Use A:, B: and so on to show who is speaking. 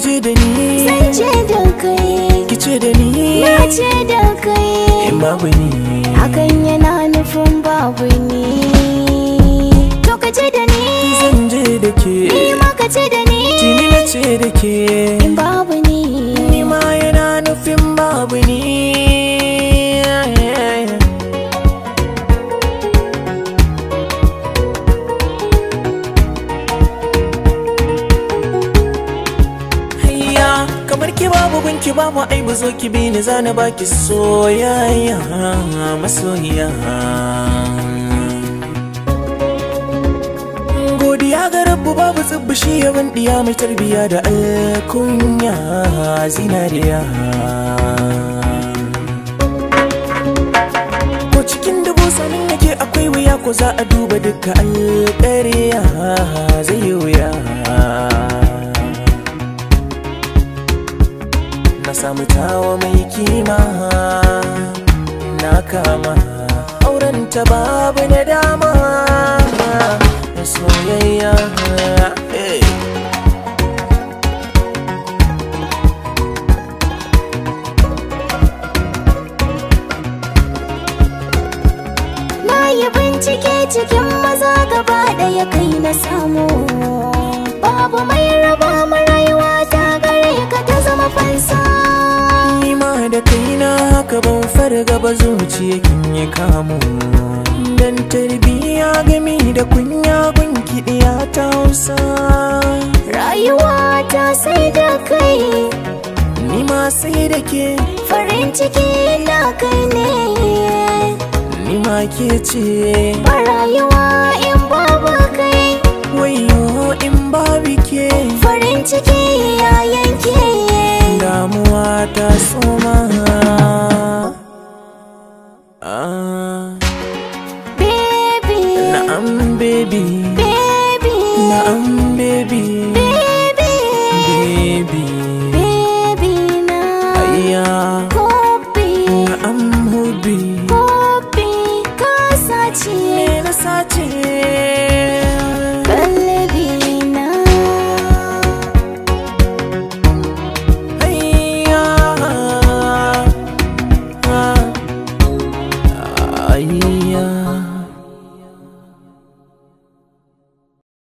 A: kije da ni zance da kai kice da ni ce da kai in babu ni hakan yana nufin babu ni to kaje da ni zan je da ke ni ma kaje da ni tuni ce da ke in babu babu ki babu ai buzo zo ki bi ni zana baki soyayya masoyiya godiya ga rabu babu shi yawan diya mai tarbiya da alkunya zinariya ko cikin dubu sanin nake akwai wuya ko za a duba duka alƙariya zai yi wuya samu tawa mai kima na kama auren ta babu na dama soyayya eh. Na yi bincike cikin maza gaba ɗaya kai na samu babu mai raba rayuwa ta gare ka ta zama fansa gaba zuciya kin ya kamu dan tarbiya gami da kunya gun kiɗiya ta hausa rayuwa ta sai da kai ni ma sai da ke farin ciki na kai ne ni ma ke ce ba rayuwa in babu kai wayo in babu ke farin ciki ya yanke damuwa ta so baby baby na'am baby na ayya kopi na'am hobi kopi ka sace na sace yeah.